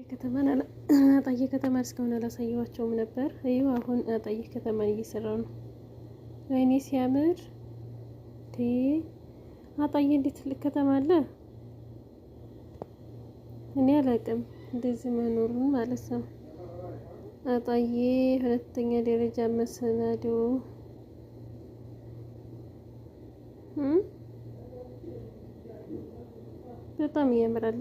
አጣዬ ከተማ እስካሁን አላሳየዋቸውም ነበር። ይኸው አሁን አጣዬ ከተማን እየሰራው ነው። ወይኔ ሲያምር! አጣዬ እንዴት ትልቅ ከተማ አለ! እኔ አላውቅም እንደዚህ መኖሩን ማለት ነው። አጣዬ ሁለተኛ ደረጃ መሰናዶ በጣም ያምራል።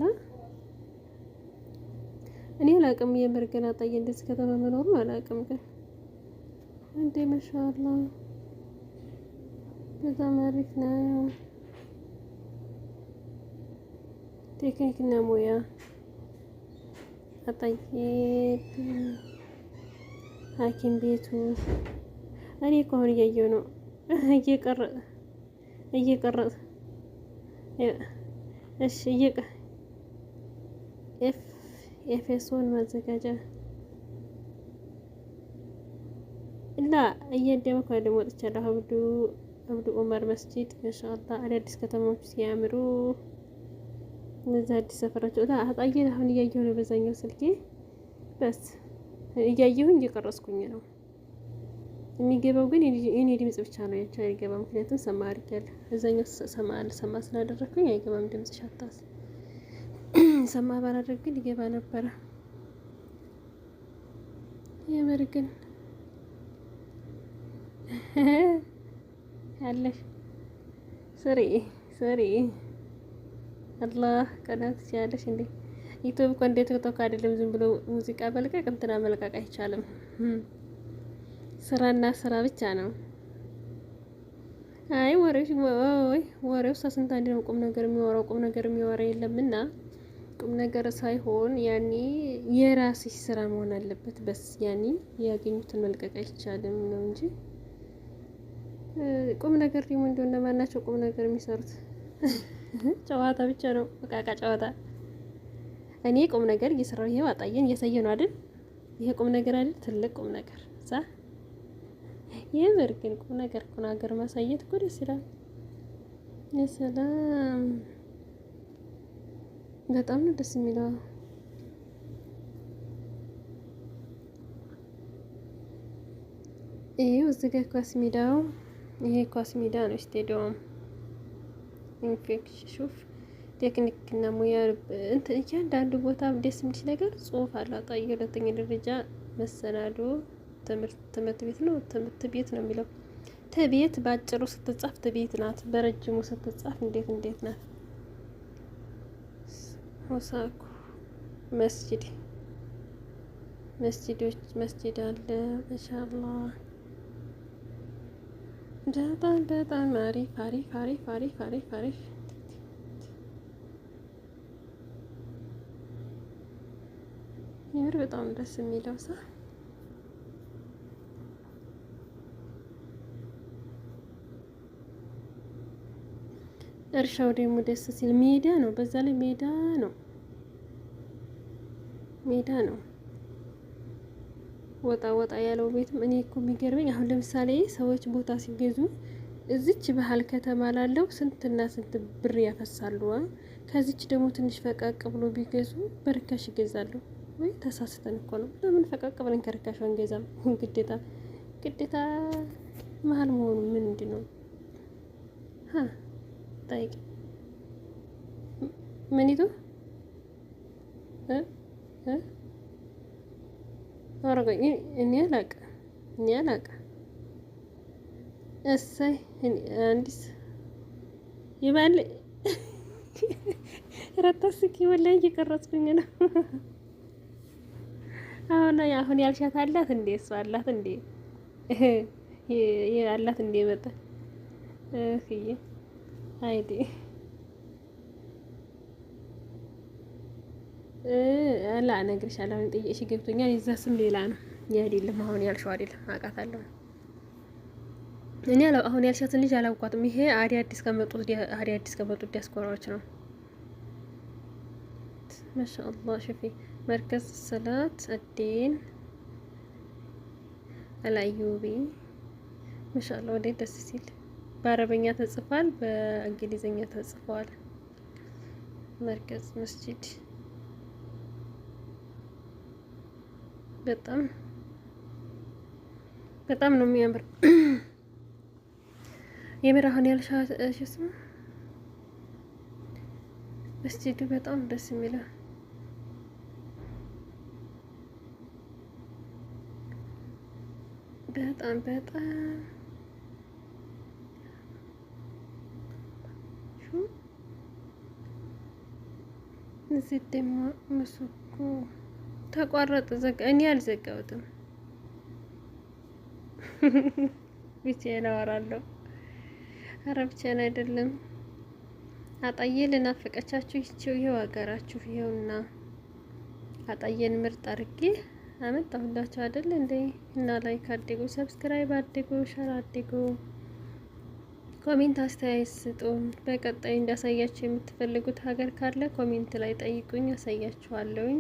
እኔ አላቅም። የምር ግን አጣዬ እንደዚህ ከተማ መኖሩ አላቅም። ግን እንዴ መሻላ በጣም አሪፍ ነው። ቴክኒክና ሙያ አጣዬ ሐኪም ቤቱ እኔ እኮ አሁን እያየሁ ነው እየቀረ እየቀረ እሺ እየቀ ኤፍ ኤፌሶን ማዘጋጃ እና እያደመኩ ደሞ ወጥቻለሁ። አብዱ አብዱ ኡመር መስጂድ ኢንሻአላ አዳዲስ ከተማዎች ሲያምሩ እነዚህ አዲስ ሰፈራቸው ላ አጣየን አሁን እያየሁ ነው። በዛኛው ስልኬ በስ እያየሁኝ እየቀረስኩኝ ነው። የሚገባው ግን የኔ ድምጽ ብቻ ነው። ያቻ አይገባ፣ ምክንያቱም ሰማ አድርጊያለሁ። እዛኛው ሰማ ሰማ ስላደረግኩኝ አይገባም ድምጽ ሻታስ ሰማ ባላደርግ ግን ይገባ ነበረ። የምር ግን ያለሽ ስሪ ስሪ አላህ ቀናት ሲያለሽ እንዴ ዩቱብ እኮ እንዴት ቶክ አይደለም ዝም ብሎ ሙዚቃ መልቀቅ እንትና መልቀቅ አይቻልም። ስራና ስራ ብቻ ነው። አይ ወሬሽ ወይ ወሬው ሳስንት አንድ ነው ቁም ነገር የሚወራው ቁም ነገር የሚወራ የለምና ቁም ነገር ሳይሆን ያኔ የራስሽ ስራ መሆን አለበት። በስ ያኔ ያገኙትን መልቀቅ አይቻልም ነው እንጂ ቁም ነገር ደግሞ እንደው እነማን ናቸው ቁም ነገር የሚሰሩት? ጨዋታ ብቻ ነው፣ እቃቃ ጨዋታ። እኔ ቁም ነገር እየሰራው ይሄው አጣየን፣ እያሳየ ነው አይደል? ይሄ ቁም ነገር አይደል? ትልቅ ቁም ነገር ዛ የምር ግን ቁም ነገር ቁም ነገር ማሳየት እኮ ደስ ይላል። የሰላም በጣም ነው ደስ የሚለው። ይሄው እዚህ ጋር ኳስ ሜዳው ይሄ ኳስ ሜዳ ነው፣ ስቴዲየም ኢንፌክሽን ሹፍ ቴክኒክ እና ሙያ እንትን እያንዳንዱ ቦታ ደስ የሚል ነገር ጽሁፍ አለ። አላጣ። የሁለተኛ ደረጃ መሰናዶ ትምህርት ቤት ነው ትምህርት ቤት ነው የሚለው። ትቤት በአጭሩ ስትጻፍ ትቤት ናት፣ በረጅሙ ስትጻፍ እንዴት እንዴት ናት። ሆሳኩ መስጂድ መስጂዶች መስጂድ አለ። ማሻአላ በጣም በጣም አሪፍ አሪፍ አሪፍ አሪፍ አሪፍ አሪፍ የምር በጣም ደስ የሚለው ሰው መጨረሻው ደግሞ ደስ ሲል ሜዳ ነው። በዛ ላይ ሜዳ ነው ሜዳ ነው ወጣ ወጣ ያለው ቤትም እኔ እኮ የሚገርመኝ አሁን ለምሳሌ ሰዎች ቦታ ሲገዙ እዚች ባህል ከተማ ላለው ስንትና ስንት ብር ያፈሳሉ። ከዚች ደግሞ ትንሽ ፈቃቅ ብሎ ቢገዙ በርካሽ ይገዛሉ። ወይ ተሳስተን እኮ ነው። ለምን ፈቃቅ ብለን ከርካሽ አንገዛም? ግዴታ ግዴታ መሀል መሆኑ ምንድን ነው? አትጠይቂ። ምኒቱ አረጋኝ። እኔ አላውቅም፣ እኔ አላውቅም። እሰይ አንዲስ ይባል ረታስኪ ወላሂ እየቀረጽኩኝ ነው። አሁን አሁን ያልሻት አላት እንዴ? እሷ አላት እንዴ? ይሄ አላት እንዴ? መጣ እህ አይዲ አላ እነግርሻለሁ። አሁን ገብቶኛል። የዛ ስም ሌላ ነው አይደለም አሁን ያልሽው አይደለም። አውቃታለሁ እኔ አሁን ያልሻትን ልጅ አላውቋትም። ይሄ አዲ አዲስ ከመጡት አዲ አዲስ ከመጡት ዲያስፖራዎች ነው። ማሻአላህ ሸፊ መርከዝ ሰላት አዴን አላዩቢ ማሻአላህ ወደ ደስ ሲል በአረበኛ ተጽፏል፣ በእንግሊዝኛ ተጽፏል። መርከዝ መስጂድ በጣም በጣም ነው የሚያምር። የምር አሁን ስም መስጂዱ በጣም ደስ የሚለው በጣም በጣም ናችሁ። እዚህ ደግሞ ምስኩ ተቋረጠ። ዘጋ እኔ አልዘጋሁትም። ብቻዬን አወራለሁ። ኧረ ብቻዬን አይደለም። አጣዬ ልናፈቀቻችሁ ይቺው ይኸው ሀገራችሁ ይኸውና አጣዬን ምርጥ አድርጌ አመጣሁላችሁ አይደል እንዴ? እና ላይክ አድርጉ፣ ሰብስክራይብ አድርጉ፣ ሸር አድርጉ። ኮሜንት አስተያየት ስጡ። በቀጣይ እንዳሳያችሁ የምትፈልጉት ሀገር ካለ ኮሜንት ላይ ጠይቁኝ፣ አሳያችኋለሁኝ።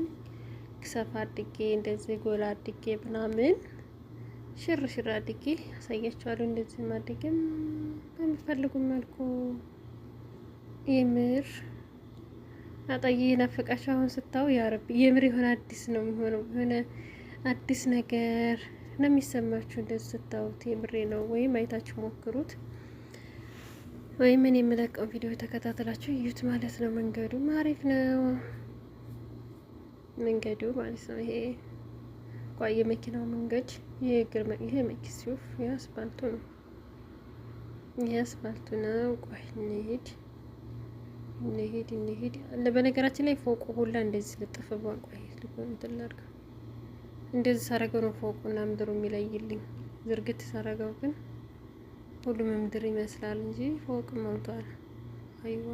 ክሰፍ አድጌ እንደዚህ ጎላ አድጌ ምናምን ሽር ሽር አድጌ አሳያችኋለሁ። እንደዚህ ማድጌም በሚፈልጉ መልኩ የምር አጣይ ናፈቃቸው። አሁን ስታው ያረብ የምር የሆነ አዲስ ነው የሚሆነው የሆነ አዲስ ነገር ነው የሚሰማችሁ። እንደዚህ ስታውት የምሬ ነው። ወይም አይታችሁ ሞክሩት። ወይም እኔ የምለቀው ቪዲዮ ተከታተላችሁ እዩት ማለት ነው። መንገዱ አሪፍ ነው፣ መንገዱ ማለት ነው። ይሄ ቋየ የመኪናው መንገድ ይሄ የእግር ይሄ መኪ መኪሱፍ የአስፋልቱ ነው፣ የአስፋልቱ ነው። ቆይ እንሂድ፣ እንሂድ፣ እንሂድ አለ። በነገራችን ላይ ፎቁ ሁላ እንደዚህ ልጥፍ ቋይ ቆይ እንትን እንደዚህ ሳረገው ነው ፎቁና ምድሩ የሚለይልኝ። ዝርግት ሳረገው ግን ሁሉም ምድር ይመስላል እንጂ ፎቅ ሞልቷል። አይዋ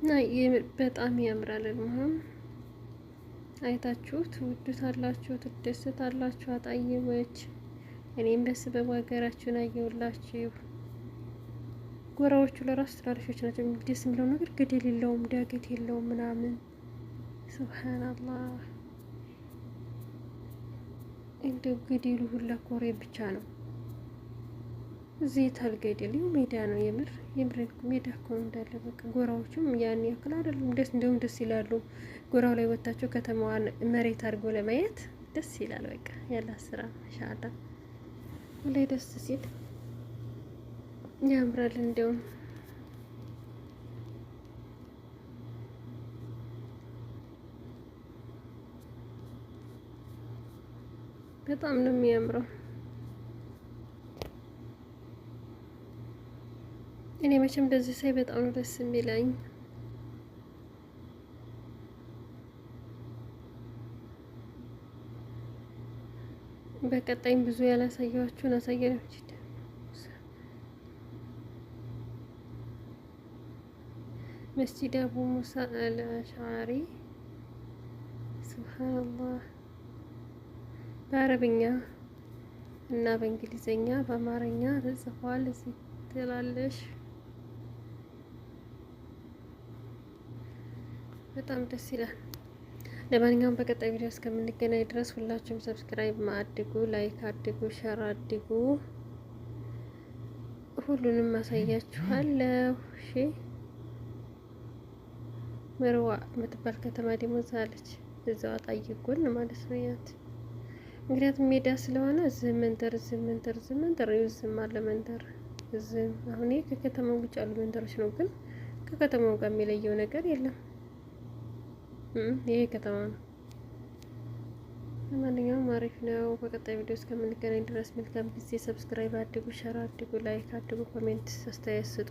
እና በጣም ያምራል። ልሙሀም አይታችሁት ውዱታላችሁ፣ ትደሰታላችሁ። አጣየዎች እኔም በስበቡ ሀገራችሁን አየውላችሁ። ጎራዎቹ ለራሱ ትናንሾች ናቸው። ደስ የሚለው ነገር ገደል የለውም ዳገት የለውም ምናምን ሱብሃነላህ እንደ ገደሉ ሁላ ኮሬ ብቻ ነው። እዚህ የታል ይኸው ሜዳ ነው። የምር የምር ሜዳ እኮ ነው እንዳለ። በቃ ጎራዎቹም ያን ያክል አይደለም። ደስ እንደውም ደስ ይላሉ። ጎራው ላይ ወታቸው ከተማዋን መሬት አድርጎ ለማየት ደስ ይላል። በቃ ያላ ስራ ማሻአላ ላይ ደስ ሲል ያምራል እንደውም በጣም ነው የሚያምረው። እኔ መቼም በዚህ ሳይ በጣም ነው ደስ የሚለኝ። በቀጣይም ብዙ ያላሳየኋችሁን አሳያለሁ። መስጂድ አቡ ሙሳ አልአሽዓሪ ሱብሃነላህ በአረብኛ እና በእንግሊዝኛ በአማርኛ ተጽፏል። እዚህ ትላለሽ። በጣም ደስ ይላል። ለማንኛውም በቀጣይ ቪዲዮ እስከምንገናኝ ድረስ ሁላችሁም ሰብስክራይብ አድጉ፣ ላይክ አድጉ፣ ሸር አድጉ። ሁሉንም ማሳያችኋለሁ። እሺ ምርዋ የምትባል ከተማ ደግሞ ዛለች እዛዋ ጣይጎን ማለት ነው ያት ምክንያቱም ሜዳ ስለሆነ ዝም መንተር ዝም መንተር ዝም መንተር ዝም አለ መንተር አሁን ይሄ ከከተማው ውጭ ያሉ መንተሮች ነው፣ ግን ከከተማው ጋር የሚለየው ነገር የለም። ይሄ ከተማ ነው። ለማንኛውም አሪፍ ነው። በቀጣይ ቪዲዮ እስከምንገናኝ ድረስ መልካም ጊዜ። ሰብስክራይብ አድጉ፣ ሸር አድጉ፣ ላይክ አድጉ፣ ኮሜንት አስተያየት ስጡ።